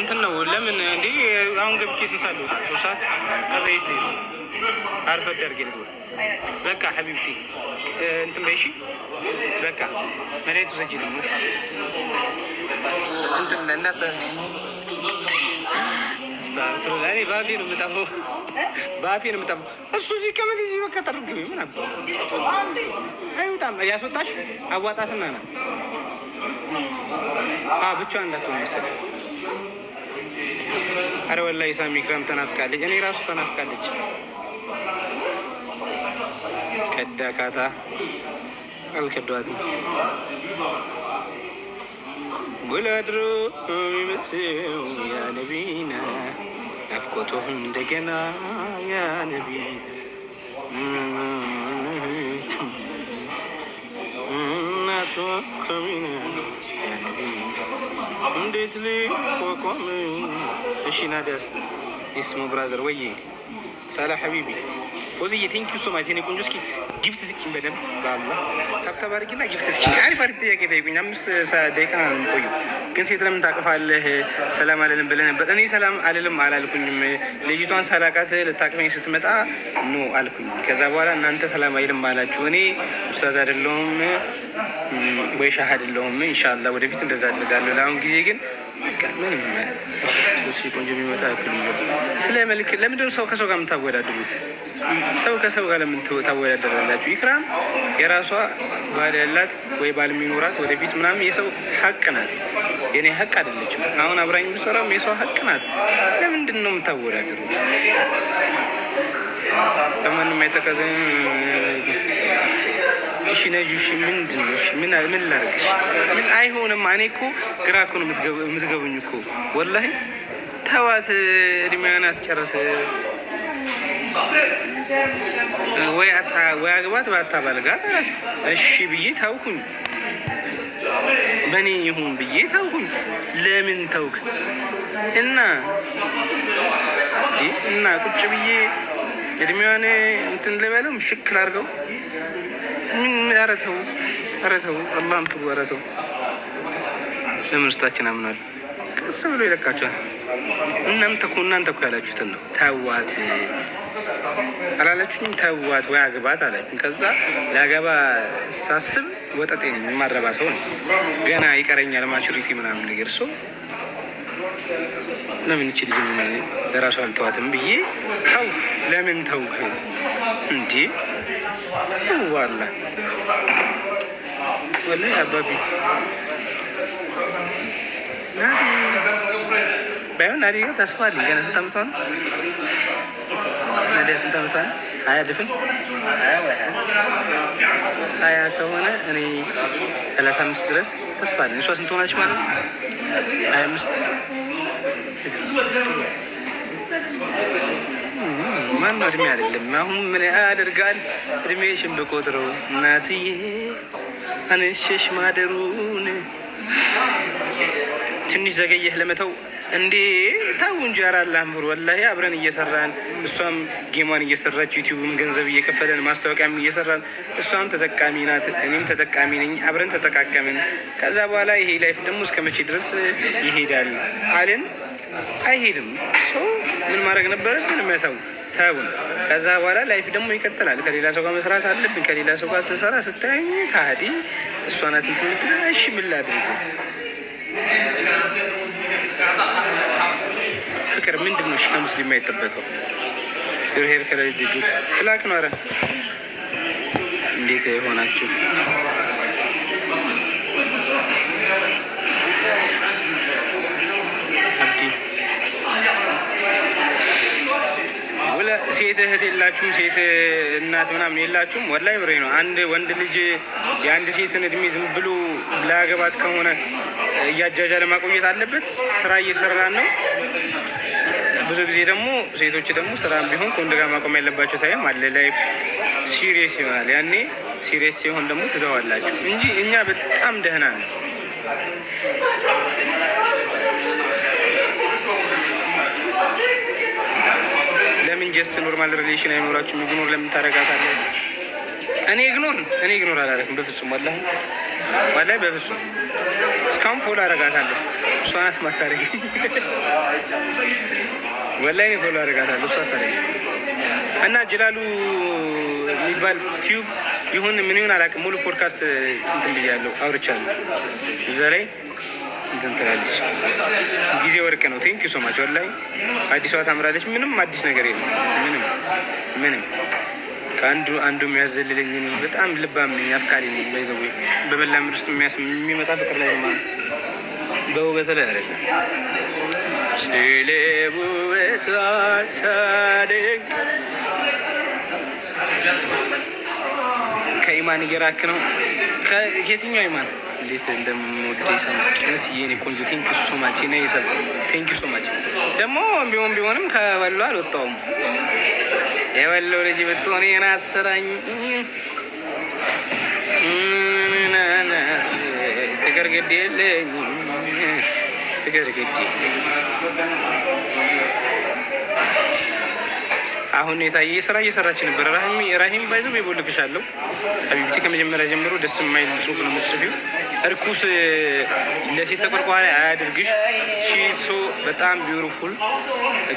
እንትን ነው። ለምን እንዴ አሁን ገብቼ ስንት ሰዓት ከዘይት ነው አርፈት ደርጌ በቃ ሐቢብቲ እንትን በይ እሺ። በቃ መድኃኒቱ ዘጂ ደግሞ እንትን ለእናት እኔ በአፌ ነው የምጠፋው፣ በአፌ ነው የምጠፋው። እሱ እዚህ ከምን እዚህ በቃ ጠርግቢ ምናምን አይወጣም። ያስወጣሽ አዋጣትና ናት ብቻዋን እንዳትሆን መሰለኝ አረ ወላሂ ሳሚ ክረም ተናፍቃለች። እኔ ራሱ ተናፍቃለች። ከዳ ካታ አልከዷትም ጉላድሮ የሚመስው ያነቢነ ናፍቆቶ እንደገና ያነቢነ እናቶ ከሚነ ያነቢነ እንዴት ልቋቋም? እሺ ናዲያስ ይስሙ ብራዘር ወይ ሰላ ሐቢቢ ቦዝዬ ቴንክ ዩ ሶ ማች የእኔ ቆንጆ። እስኪ ጊፍት ስኪን በደንብ ባላ ታብታብ አድርጊና ጊፍት ስኪን። አሪፍ አሪፍ ጥያቄ ጠይቁኝ። አምስት ደቂቃ ነው የሚቆዩ። ግን ሴት ለምን ታቅፋለህ? ሰላም አልልም ብለህ ነበር። እኔ ሰላም አልልም አላልኩኝም። ልጅቷን ሳላቃት ልታቅፈኝ ስትመጣ ኖ አልኩኝ። ከዛ በኋላ እናንተ ሰላም አይልም አላችሁ። እኔ ኡስታዝ አይደለሁም ወይ ሻህ አይደለሁም። ኢንሻላህ ወደፊት እንደዛ አድርጋለሁ። ለአሁን ጊዜ ግን ቆንጆ ስለ መልክ ለምንድን ሰው ከሰው ጋር የምታወዳድሩት? ሰው ከሰው ጋር ለምን ታወዳደራላችሁ? ኢክራም የራሷ ባል ያላት ወይ ባል የሚኖራት ወደፊት ምናምን የሰው ሀቅ ናት፣ የኔ ሀቅ አይደለችም። አሁን አብራኝ ብሰራም የሰው ሀቅ ናት። ለምንድን ነው የምታወዳድሩት? ለማንም አይጠቀዘ እሺ ነጂ እሺ ምንድን ነው? ምን ምን ላርግሽ? ምን አይሆንም። እኔ እኮ ግራ እኮ ነው የምትገቡኝ እኮ ወላሂ። ተዋት፣ እድሜዋን አትጨርስ። ወይ አታ ወይ አግባት ባታ ባልጋት እሺ ብዬ ታውኩኝ፣ በእኔ ይሁን ብዬ ታውኩኝ። ለምን ታውክ እና እና ቁጭ ብዬ እድሜዋን እንትን ልበለው ሽክል አድርገው ምን ያረተው ረተው አላህም ትጉ ረተው ለምስታችን አምናል ቅጽ ብሎ ይለቃቸዋል። እናንተ እኮ እናንተ እኮ ያላችሁትን ነው። ተዋት አላላችሁኝ? ተዋት ወይ አግባት አላችሁኝ። ከዛ ለአገባ ሳስብ ወጠጤ ነኝ፣ የማረባ ሰው ነው ገና ይቀረኛል ማቹሪቲ ምናምን ነገር ሰው ለምን ይችል ለራሱ አልተዋትም ብዬ ተው፣ ለምን ተው እንዴ ዋላ ወለ አባቢ ባይሆን ናዲ ጋር ተስፋ አለኝ። ገና ስንት ዓመቷ ነው? ናዲያ ስንት ዓመቷ ነው? ሀያ ድፍን ሀያ ከሆነ እኔ ሰላሳ አምስት ድረስ ተስፋ አለኝ። እሷ ስንት ሆናች ማለት ነው? ሀያ አምስት ማነው እድሜ አይደለም። አሁን ምን ያደርጋል እድሜሽን ብቆጥረው እናትዬ አንሸሽ ማደሩን ትንሽ ዘገየህ ለመተው እንዴ ታው እንጂ አራላም ብሩ ወላሂ አብረን እየሰራን እሷም ጌሟን እየሰራች ዩቲዩብም ገንዘብ እየከፈለን ማስታወቂያም እየሰራን እሷም ተጠቃሚ ናት፣ እኔም ተጠቃሚ ነኝ። አብረን ተጠቃቀምን። ከዛ በኋላ ይሄ ላይፍ ደግሞ እስከ መቼ ድረስ ይሄዳል አልን። አይሄድም። ሰው ምን ማድረግ ነበረብን? መተው ተውን። ከዛ በኋላ ላይፍ ደግሞ ይቀጥላል። ከሌላ ሰው ጋር መስራት አለብን። ከሌላ ሰው ጋር ስሰራ ስታይ ከሃዲ እሷ ናት ትምትል። እሺ ምን ላድርግ? ፍቅር ምንድን ነው? እሺ ከሙስሊም የማይጠበቀው ሄር ከላይ ድግ ላክ ነው። ኧረ እንዴት የሆናችሁ ሰብኪ ሴት እህት የላችሁም? ሴት እናት ምናምን የላችሁም? ወላይ ብሬ ነው። አንድ ወንድ ልጅ የአንድ ሴትን እድሜ ዝም ብሎ ለአገባት ከሆነ እያጃጃ ለማቆየት አለበት። ስራ እየሰራን ነው። ብዙ ጊዜ ደግሞ ሴቶች ደግሞ ስራ ቢሆን ከወንድ ጋር ማቆም ያለባቸው ሳይም አለ። ላይፍ ሲሪየስ ይሆናል። ያኔ ሲሪየስ ሲሆን ደግሞ ትተዋላችሁ እንጂ እኛ በጣም ደህና ነው። ጀስት ኖርማል ሪሌሽን አይኖራችሁም። ኢግኖር ለምን ታደርጋታለህ? እኔ ኢግኖር እኔ ኢግኖር አላደረግም በፍጹም ወላሂ ወላሂ በፍጹም እስካሁን ፎሎ አደርጋታለሁ። እሷ ናት ማታደርግ ወላሂ እኔ ፎሎ አደርጋታለሁ። እሷ ታደርግ እና ጅላሉ የሚባል ቲዩብ ይሁን ምን ይሁን አላውቅም። ሙሉ ፖድካስት እንትን ብያለሁ አውርቻለሁ እዛ ላይ እንትን ትላለች። ጊዜ ወርቅ ነው። ቴንክ ዩ ሶማች ወላሂ አዲሷ ታምራለች። ምንም አዲስ ነገር የለም። ምንም ምንም ከአንዱ አንዱ የሚያዘልለኝ በጣም ልባም ነኝ፣ አፍቃሪ ነኝ። ይዘው በመላመድ ውስጥ የሚመጣ ፍቅር ላይ ማ በውበት ላይ አይደለም ስለ ውበት ሳደግ ከኢማን እየራክ ነው። ከየትኛው ኢማን እንዴት እንደምንወድ ይሰማስ ይኔ ቆንጆ ቴንኪ ሶማች ነ ይሰብ ቴንኪ ሶማች ደግሞ ቢሆን ቢሆንም ከበሎ አልወጣውም። የበለው ልጅ ብትሆን ና አሰራኝ ፍቅር ግድ የለኝ ፍቅር ግድ አሁን የታየ ስራ እየሰራች ነበር። ራሂም ባይዘ ይቦልክሻለሁ ሀቢብቲ ከመጀመሪያ ጀምሮ ደስ የማይል ጽሁፍ ነው የምትጽፊው። እርኩስ ለሴት ተቆርቋሪ አያድርግሽ። ሺሶ በጣም ቢውቲፉል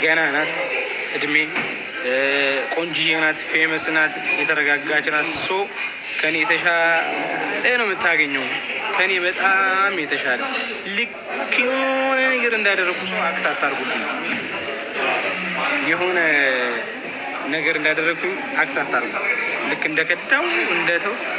ገና ናት። እድሜ ቆንጅዬ ናት። ፌመስ ናት። የተረጋጋች ናት። ሶ ከኔ የተሻለ ነው የምታገኘው ከኔ በጣም የተሻለ ልክ የሆነ ነገር እንዳደረጉ ሰው አክታታ አድርጉልኝ የሆነ ነገር እንዳደረግኩኝ አክት ልክ እንደከዳው እንደተው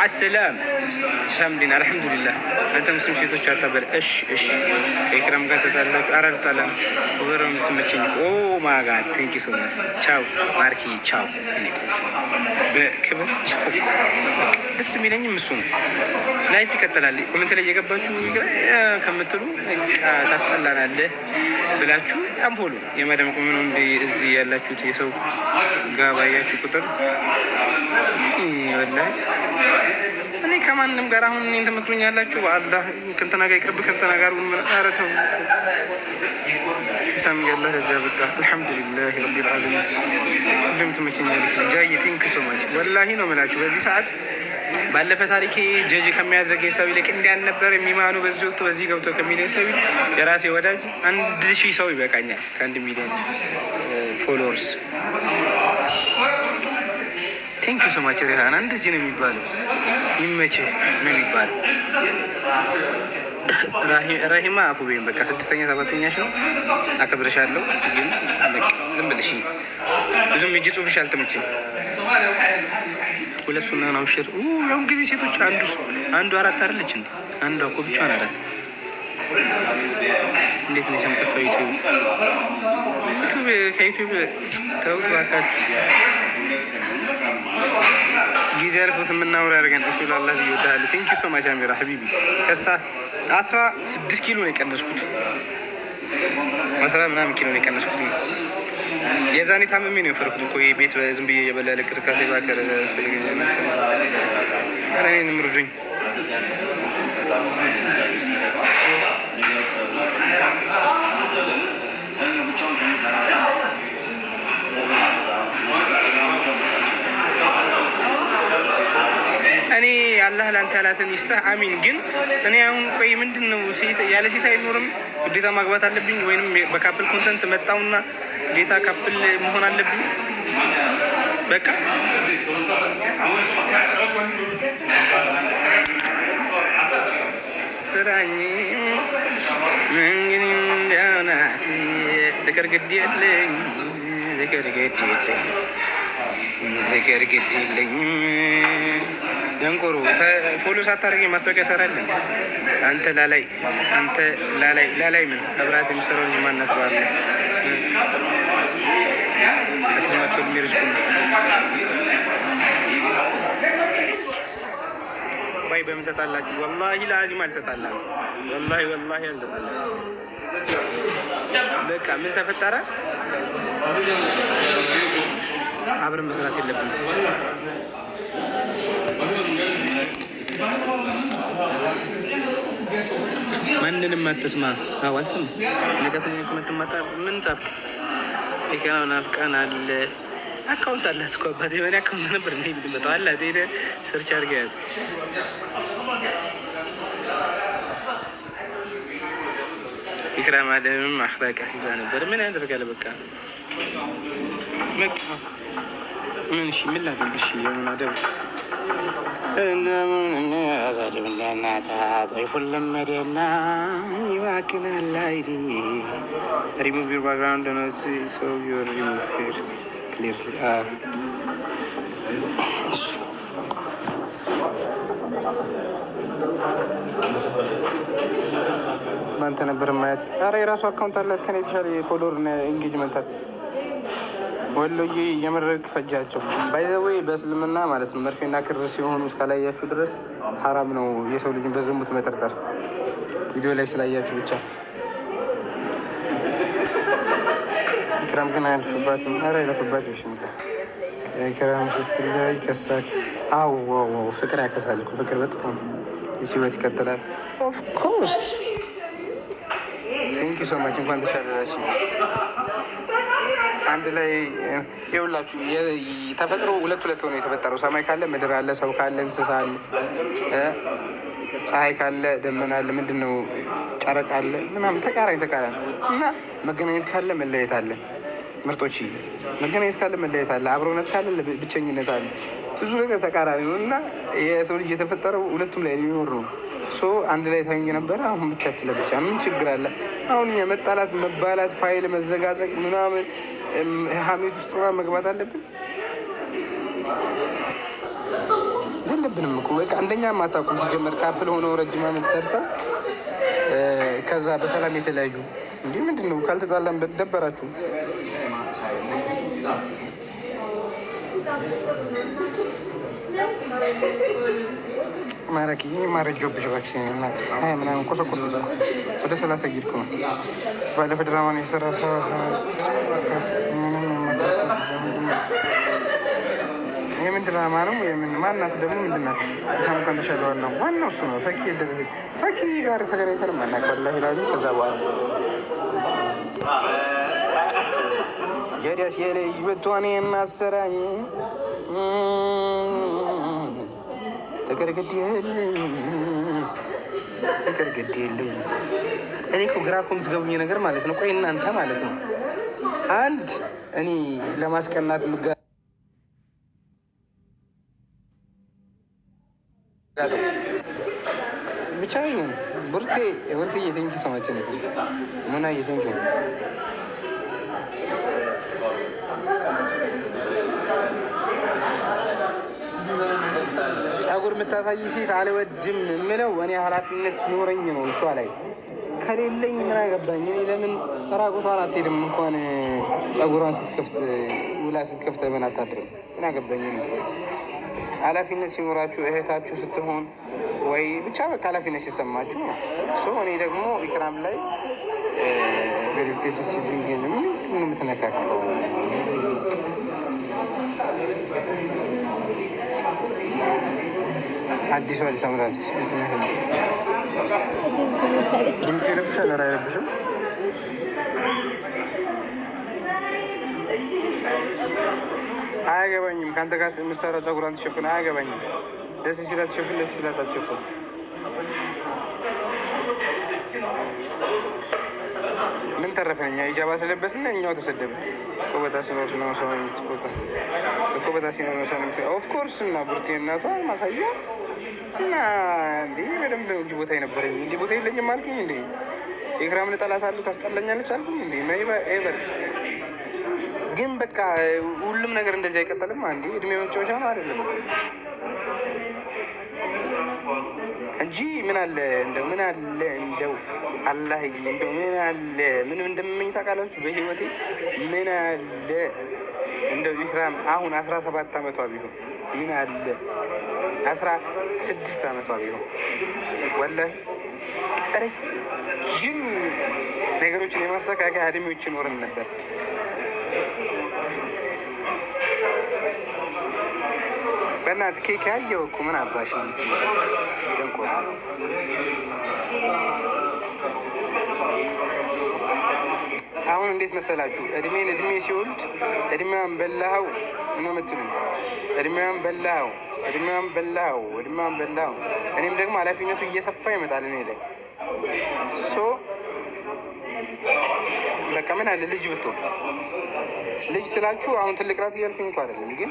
አሰላም ሳምዲን አልሐምዱሊላህ። አንተ ሙስሊም ሴቶች አታበል። እሽ እሽ ከኢክራም ጋር ተጣላችሁ? ኧረ አልጣላም። ኦቨር የምትመቸኝ ኦ ማጋ ቴንኪ ሶ ማች ቻው ማርኪ ቻው። በክብር ቻው። ደስ የሚለኝም እሱ ነው። ላይፍ ይቀጥላል። ኮሜንት ላይ እየገባችሁ ይግራ ከምትሉ ታስጠላናለ ብላችሁ አንፎሉ የመደም የማዳም እንዲ እዚህ ያላችሁት የሰው ጋር ባያችሁ ቁጥር ወላሂ እኔ ከማንም ጋር አሁን እኔን ትመክሩኛላችሁ። በአላህ ከንተና ጋር ይቅርብ ከንተና ጋር ምን አረተው ሳምጋላህ እዚያ በቃ አልሐምዱሊላህ ረቢል ዓለሚን። ሁሉም ትመቸኛለች። ጃይቲን ክሶማች ወላሂ ነው የምላችሁ። በዚህ ሰዓት ባለፈ ታሪኬ ጀጅ ከሚያደርገ ሰው ይልቅ እንዲያን ነበር የሚማኑ በዚህ ወቅቱ በዚህ ገብቶ ከሚለ ሰው የራሴ ወዳጅ አንድ ሺህ ሰው ይበቃኛል። ከአንድ ሚሊዮን ፎሎወርስ ቴንክ ሶማች ሪሃን አንድ ጅ ነው የሚባለው። ይመችህ ነው የሚባለው። ራሂማ አፉ አፉቤን በቃ ስድስተኛ ሰባተኛሽ ነው አከብረሻለሁ። ግን ዝም ብልሽ ብዙም እጅ ጽሁፍሽ አልተመቸኝ። ሁለት ሱና ነው ሽር ያሁን ጊዜ ሴቶች አንዱ አንዱ አራት አደለች እንዴ? አንዷ እኮ ብቻዋን አላት። እንዴት ነው የሰምጠፋ ዩቲዩብ ዩቲዩብ ከዩቲዩብ ተውት እባካችሁ። ጊዜ አርፎት የምናውር ያደርገን ላላ ብዬ ወዳለ ቴንኪ ሶ ማች አሚራ ሀቢቢ ከሳ አስራ ስድስት ኪሎ ነው የቀነስኩት፣ አስራ ምናምን ኪሎ ነው የቀነስኩት። የዛኔ ታምሜ ነው የፈርኩት እኮ ቤት ዝም ብዬ የበላል እንቅስቃሴ ባከር እኔንም ርዱኝ። እኔ አላህ ለአንተ ያላትን ይስጥህ። አሚን። ግን እኔ አሁን ቆይ ምንድን ነው ያለ ሴት አይኖርም ግዴታ ማግባት አለብኝ ወይም በካፕል ኮንተንት መጣውና ግዴታ ካፕል መሆን አለብኝ? በቃ ስራኝ እንግዲህ እንዳውና ፍቅር ግድ የለኝ ፍቅር ግድ የለኝ ፍቅር ግድ የለኝም ደንቆሮ ፎሎ ሳታደርገኝ ማስታወቂያ ሰራለን። አንተ ላላይ አንተ ላላይ ላላይ ምን አብራት የሚሰራው ልጅ ማናት? ባለ አክዝማቸው የሚርስ ቆይ በምን ተጣላችሁ? ወላሂ ለአዚም አልተጣላም። ወላሂ ወላሂ አልተጣላም። በቃ ምን ተፈጠረ? አብረን መስራት የለብንም። ማንንም አትስማ። አዎ አልሰማም። ንቀትን የምትመጣ ምን ጻፍክ? የቀናው ናፍቃን አለ አካውንት አላት እኮ አባቴ የሆነ አካውንት ነበር እንደ የምትመጣው አላት። ሄደህ ሰርች አድርገያት ኢክራም አደምም አክላቅ ይዛ ነበር። ምን ያደርጋል በቃ ምን ምን ላድርግ? እሺ የሆነ አደም እንደምን እንደናታ ይባክናል ሪሙቭ ዩር ባክግራውንድ ሶ ዩር ሪሙቭ ማንተ ነበር ማየት። ረ የራሱ አካውንት አላት ከኔ የተሻለ ፎሎወር ኢንጌጅመንት አለ ወሎዬ የመድረክ ፈጃቸው ባይዘወይ በእስልምና ማለት መርፌና ክር ሲሆኑ እስካላያችሁ ድረስ ሀራም ነው የሰው ልጅ በዝሙት መጠርጠር። ቪዲዮ ላይ ስላያችሁ ብቻ ኢክራም ግን አያልፍባትም። ኧረ አይለፍባት ብሽሚላ ኢክራም ስትለይ ከሳል። አዎ ፍቅር ያከሳል ፍቅር በጣም ሲወት ይቀጥላል። ኦፍኮርስ ቴንኪ ሶማች እንኳን ተሻለላችሁ። አንድ ላይ የሁላችሁ ተፈጥሮ ሁለት ሁለት ሆነ የተፈጠረው ሰማይ ካለ ምድር አለ፣ ሰው ካለ እንስሳ አለ፣ ፀሐይ ካለ ደመና አለ፣ ምንድን ነው ጨረቃ አለ ምናምን ተቃራኒ ተቃራኒ እና መገናኘት ካለ መለየት አለ። ምርጦች መገናኘት ካለ መለየት አለ፣ አብሮነት ካለ ብቸኝነት አለ። ብዙ ነገር ተቃራኒ ነው እና የሰው ልጅ የተፈጠረው ሁለቱም ላይ የሚኖር ነው። ሶ አንድ ላይ ታኝ ነበረ። አሁን ብቻችን ለብቻ ምን ችግር አለ? አሁን የመጣላት መባላት፣ ፋይል መዘጋዘቅ ምናምን ሀሜት ውስጥ መግባት አለብን የለብንም እኮ በቃ አንደኛ ማታቁም ሲጀመር ከአፕል ሆነው ረጅም ዓመት ሰርታ ከዛ በሰላም የተለያዩ እንዲ ምንድን ነው ካልተጣላም ደበራችሁ ማረቂ ማረጆብሽ እባክሽ እናት ምናምን ቆሰቆሰ ወደ ሰላሳ እየሄድኩ ነው። ባለፈ ድራማ ነው የሰራ የምን ድራማ ነው? የምን ማናት ደግሞ ምንድናት? ሳሙካን ተሻለዋል ነው ዋናው እሱ ነው። ፈኪ ፈኪ ጋር ተገናኝተን ማናቀላ ላዙ ከዛ በኋላ የደስ የለይ ብቷኔ እናሰራኝ ፍቅር ግድ የለኝ ፍቅር ግድ የለኝ። እኔ እኮ ግራ እኮ የምትገቡኝ ነገር ማለት ነው። ቆይ እናንተ ማለት ነው አንድ እኔ ለማስቀናት ምጋ ብቻ ብርቴ ብርቴ የቴንኪ ሰማችን ሙና የቴንኪ ጸጉር የምታሳይ ሴት አልወድም የምለው እኔ ኃላፊነት ሲኖረኝ ነው። እሷ ላይ ከሌለኝ ምን አገባኝ? ለምን ራቁቷን አትሄድም? እንኳን ጸጉሯን ስትከፍት ውላ ስትከፍት ምን አታድርም? ምን አገባኝ? ኃላፊነት ሲኖራችሁ እህታችሁ ስትሆን ወይ ብቻ በቃ ኃላፊነት ሲሰማችሁ ነው። እኔ ደግሞ ኢክራም ላይ ቬሪፊኬሽን ሲቲንግን ምንድን ነው የምትነካከው? አዲስ አበባ አምራለች። ድምፅ ይረብሻል? ኧረ አይረብሽም። አያገባኝም። ከአንተ ጋር የምትሰራው ፀጉሯን ትሸፍን። አያገባኝም። ደስ ሲላት ትሸፍን፣ ደስ ሲላት አትሸፍን። ምን ተረፈን እኛ? ኢጃባ ስለበስና እኛው ተሰደብን። ቆበጣ ሲኖር ነው ሰው የምትቆጣ። ቆበጣ ሲኖር ነው ሰው የምትቆጣ። ኦፍኮርስ እና ቡርቴ እናቷ ማሳያ እና እንዴ በደንብ ነው እንጂ ቦታ የነበረኝ እንዲ ቦታ የለኝም አልኩኝ። እንዴ ኤክራምን ጠላት አሉ ታስጠላኛለች አልኩኝ። እንዴ ኤቨር ግን በቃ ሁሉም ነገር እንደዚህ አይቀጠልም። አንዴ እድሜ መጫወቻ ነው አይደለም እንጂ ምን አለ እንደው ምን አለ እንደው አላህ እንደው ምን አለ ምን እንደምመኝ ታውቃላችሁ? በህይወቴ ምን አለ እንደው ኢክራም አሁን አስራ ሰባት ዓመቷ ቢሆን ምን አለ አስራ ስድስት ዓመቷ ቢሆን ወላሂ ረጅም ነገሮችን የማስተካከያ እድሜዎች ይኖረን ነበር። በእናትህ ኬክ ያየው እኮ ምን አባሽ ነው አሁን እንዴት መሰላችሁ? እድሜን እድሜ ሲወልድ እድሜዋን በላኸው ነው የምትሉ። እድሜዋን በላኸው፣ እድሜዋን በላኸው፣ እድሜዋን በላኸው። እኔም ደግሞ ኃላፊነቱ እየሰፋ ይመጣል እኔ ላይ ሶ በቃ ምን አለ ልጅ ብትሆን ልጅ ስላችሁ አሁን ትልቅ ራት እያልኩኝ እንኳ አይደለም፣ ግን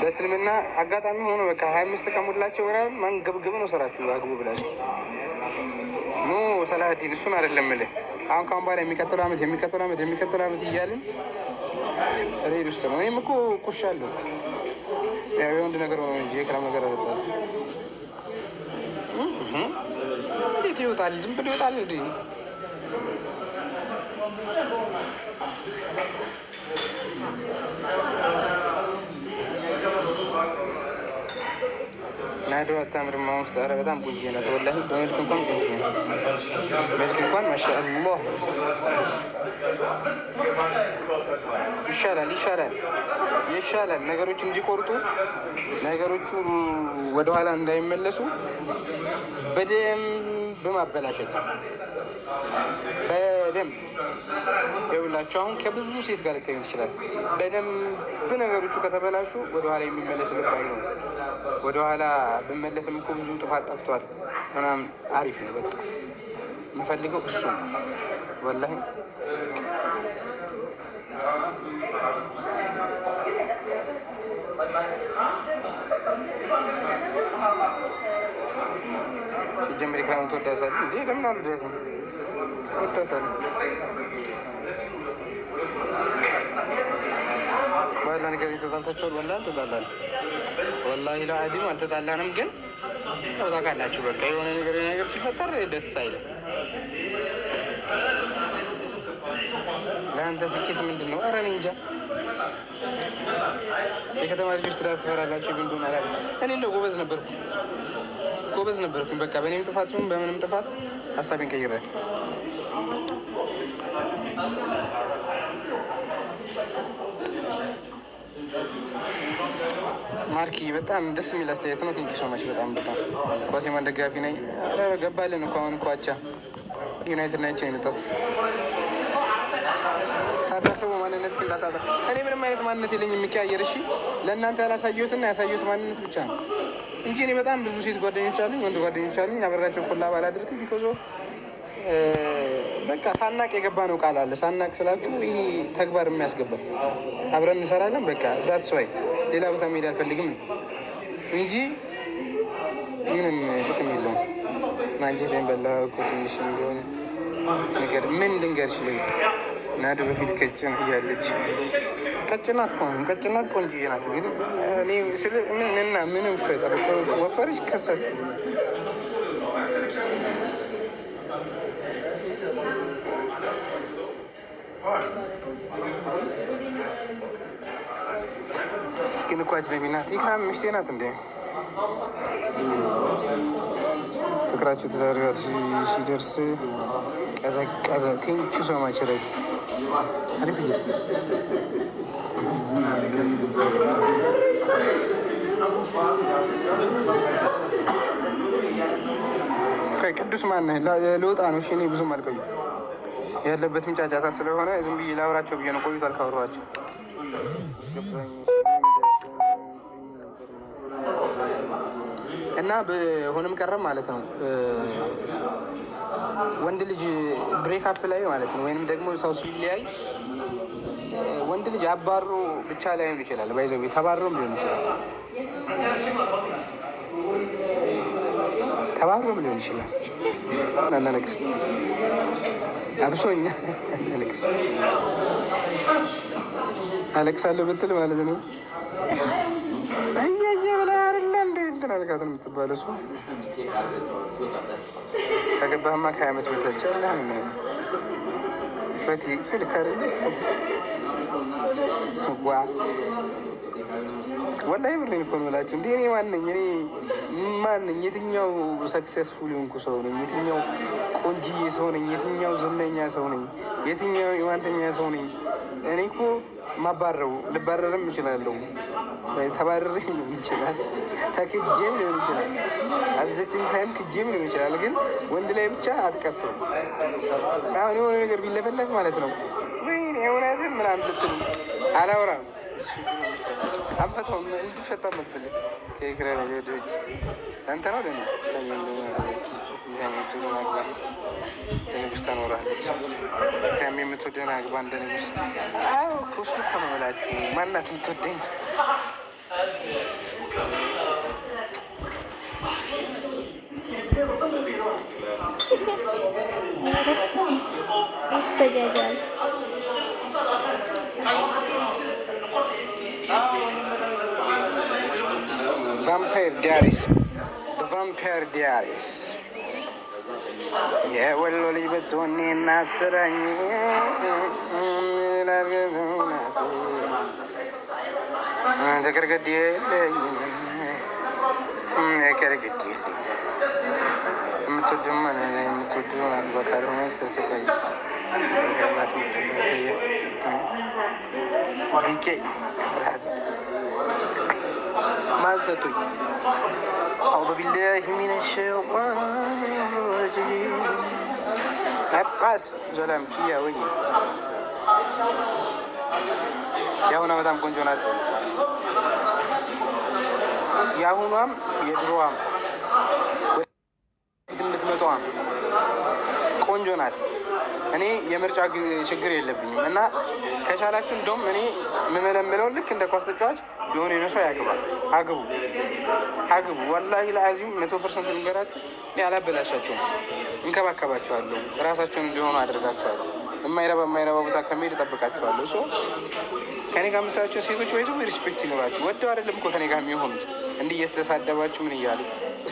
በእስልምና አጋጣሚ ሆኖ በቃ ሀያ አምስት ቀን ሙላቸው ወራ ነው ስራችሁ። አግቡ ብላችሁ ኖ ሰላዲን እሱን አይደለም እልህ አሁን ከአሁን በኋላ የሚቀጥለው ዓመት የሚቀጥለው ዓመት የሚቀጥለው ዓመት እያልን ሬድ ውስጥ ነው። እኔም እኮ ቁሻለሁ። ያው የወንድ ነገር ሆነ እንጂ የክራም ነገር አልወጣም። እንዴት ይወጣል? ዝም ብሎ ይወጣል እንዴ? ናዶ አታምርም። አሁን ውስጥ ኧረ በጣም ቆንጆ ነው። ተወላሂ በመልክ እንኳን ቆንጆ ነው። መልክ እንኳን ማሻአላህ ይሻላል፣ ይሻላል፣ ይሻላል። ነገሮች እንዲቆርጡ ነገሮቹ ወደኋላ እንዳይመለሱ በደም በማበላሸት በደንብ የውላቸው አሁን ከብዙ ሴት ጋር ሊገኙ ይችላል። በደንብ ነገሮቹ ከተበላሹ ወደኋላ የሚመለስ ልባይ ነው። ወደኋላ ብመለስም እኮ ብዙ ጥፋት ጠፍቷል ምናምን አሪፍ ነው። በጣም የምፈልገው እሱ ነው ወላሂ እወዳታለሁ። እንዴ ለምን አልወዳትም? እወዳታለሁ። ባላ ነገር ተጣልታችኋል? ወላ አልተጣላንም። ወላሂ ለአዲም አልተጣላንም። ግን ታውቃላችሁ በቃ የሆነ ነገር ነገር ሲፈጠር ደስ አይልም። ለአንተ ስኬት ምንድን ነው? ኧረ እኔ እንጃ። የከተማ ልጆች ትዳር ትፈራላችሁ? ግን እኔ እንደው ጎበዝ ነበርኩ ጎበዝ ነበርኩኝ። በቃ በእኔም ጥፋት ይሁን በምንም ጥፋት ሀሳቤን ቀይራል። ማርኪ በጣም ደስ የሚል አስተያየት ነው። ቴንኪ ሶማች በጣም በጣም ኳሴማን ደጋፊ ነኝ። ኧረ ገባልን እኮ አሁን እኮ አቻ ዩናይትድ ናቸው ነው የመጣሁት። ሳታስቡ ማንነት ክንታጣጣ እኔ ምንም አይነት ማንነት የለኝም የሚቀያየር እሺ፣ ለእናንተ ያላሳየሁትና ያሳየሁት ማንነት ብቻ ነው። እንጂ እኔ በጣም ብዙ ሴት ጓደኞች አሉኝ፣ ወንድ ጓደኞች አሉኝ። አብሬያቸው ኮላ ባላደርግም ቢኮዞ በቃ ሳናቅ የገባ ነው ቃል አለ። ሳናቅ ስላችሁ ይህ ተግባር የሚያስገባ አብረን እንሰራለን። በቃ ዳትስ ዋይ ሌላ ቦታ መሄድ አልፈልግም እንጂ ምንም ጥቅም የለውም። ናንጀቴን በላሁ እኮ ትንሽ ቢሆን ነገር ምን ልንገርሽ ልኝ ናድ በፊት ቀጭን እያለች ቀጭናት ከሆኑ ቀጭናት ቆንጅዬ ናት። ግን ምንና ምንም ፈጠር ወፈረች ከሰል ግን እኮ አጅነቢ ናት። ኢክራም ሚስቴ ናት እንዴ? ፍቅራችሁ ተዛሪዋ ሲደርስ ቀዘቀዘ። ቴንኪ ሶማች ረግ አሪፍ እየሄድክ ነው። ቅዱስ ማነህ? ልወጣ ነው። እኔ ብዙም አልቆይም። ያለበት ምጫጫታ ስለሆነ ዝም ብዬ ላውራቸው ብዬ ነው። ቆይቷል ካወራኋቸው እና በሆነም ቀረም ማለት ነው ወንድ ልጅ ብሬክአፕ ላይ ማለት ነው ወይንም ደግሞ ሰው ሲለያይ ወንድ ልጅ አባሮ ብቻ ላይ ይችላል፣ ባይዘ ተባሮም ሊሆን ይችላል፣ ተባሮም ሊሆን ይችላል። እናለቅስ አብሶኛ እናለቅስ አለቅሳለሁ ብትል ማለት ነው እያየ ብላ ነገር ነው የምትባለው። እሱ ከገባህማ ከሀያ ዓመት በታች አለህ ነው ፈቲ ልክ አይደለ ዋ ወላሂ ብሬን እኮ ነው የምላችሁ። እንደ እኔ ማነኝ እኔ ማነኝ? የትኛው ሰክሰስፉል የሆንኩ ሰው ነኝ? የትኛው ቆንጅዬ ሰው ነኝ? የትኛው ዝነኛ ሰው ነኝ? የትኛው የዋንተኛ ሰው ነኝ? እኔ እኮ ማባረው ልባረርም እችላለሁ። ተባረር ሊሆን ይችላል፣ ተክጄም ሊሆን ይችላል፣ አዘችም ታይም ክጄም ሊሆን ይችላል። ግን ወንድ ላይ ብቻ አትቀስም። አሁን የሆነ ነገር ቢለፈለፍ ማለት ነው ወይ እውነትን ምናምን ልትሉ አላውራም አንፈተውም እንዲፈታ መልፈልግ ከኤክራን ዘዴዎች አንተ ነው ደና ሰሜን አግባ እንደ ንጉሥ ታኖራለች። ከም የምትወደን አግባ እንደ ንጉሥ። አዎ ከሱ እኮ ነው የምላችሁ። ማናት የምትወደኝ? ስተጃጃል ቫምፓየር ዲያሪስ ቫምፓየር ዲያሪስ የወሎ ልጅ ብትሆን እናት ስራኝ ላርገዘውናት ተቀርገድ የለኝም የምትወዱ Ben sana duy. Audu billahi mineşşeytanirracim. Yapmaz. Zolam ki ya oyi. የአሁኗ በጣም ቆንጆ ናት። የአሁኗም የድሮዋም የምትገምት መቶዋ ቆንጆ ናት። እኔ የምርጫ ችግር የለብኝም እና ከቻላችሁ እንደውም እኔ የምመለምለው ልክ እንደ ኳስ ተጫዋች የሆነ የሆነ ያግባል። አግቡ አግቡ። ወላሂ ለአዚም መቶ ፐርሰንት ንገራችሁ። እኔ አላበላሻቸውም፣ እንከባከባቸዋለሁ። ራሳቸውን እንዲሆኑ አድርጋቸዋለሁ። የማይረባ የማይረባ ቦታ ከመሄድ እጠብቃቸዋለሁ። ሶ ከኔ ጋር የምታያቸው ሴቶች ወይ ደግሞ ሪስፔክት ይኖራችሁ። ወደው አይደለም እኮ ከኔ ጋር የሚሆኑት እንዲህ እየተሳደባችሁ ምን እያሉ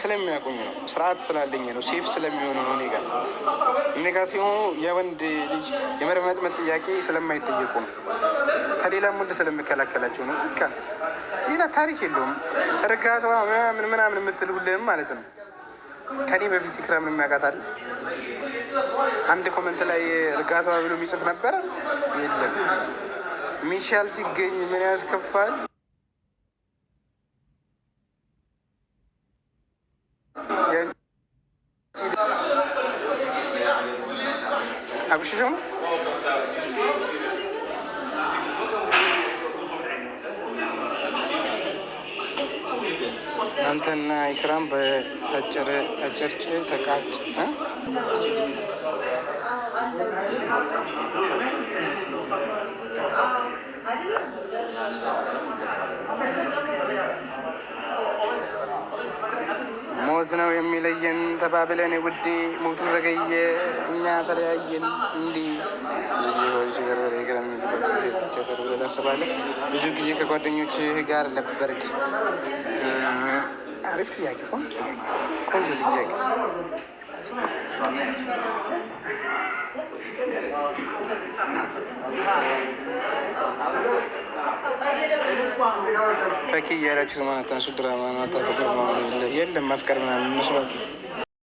ስለሚያቆኝ ነው። ስርዓት ስላለኝ ነው። ሴፍ ስለሚሆኑ ነው። እኔ ጋር እኔ ጋር ሲሆኑ የወንድ ልጅ የመርመጥመጥ ጥያቄ ስለማይጠየቁ ነው። ከሌላ ወንድ ስለሚከላከላቸው ነው። በቃ ሌላ ታሪክ የለውም። እርጋታዋ ምናምን ምናምን የምትል ማለት ነው። ከኔ በፊት ክረምን የሚያውቃት አይደል አንድ ኮመንት ላይ እርጋታ ብሎ የሚጽፍ ነበረ። የለም ሚሻል ሲገኝ ምን ያስከፋል? አብሽሽም አንተና ኢክራም በአጭር ተቃጨ ሞት ነው የሚለየን ተባብለን ውዴ ሞቱ ዘገየ እኛ ተለያየን። እንዲህ ብዙ ጊዜ ብዙ ጊዜ ከጓደኞች ጋር ነበርክ? አሪፍ ጥያቄ፣ ቆንጆ ጥያቄ። ፈኪ እያላችሁ ማለት አንሱ ድራማ ነው። የለም መፍቀር ምናምን መስሏት ነው።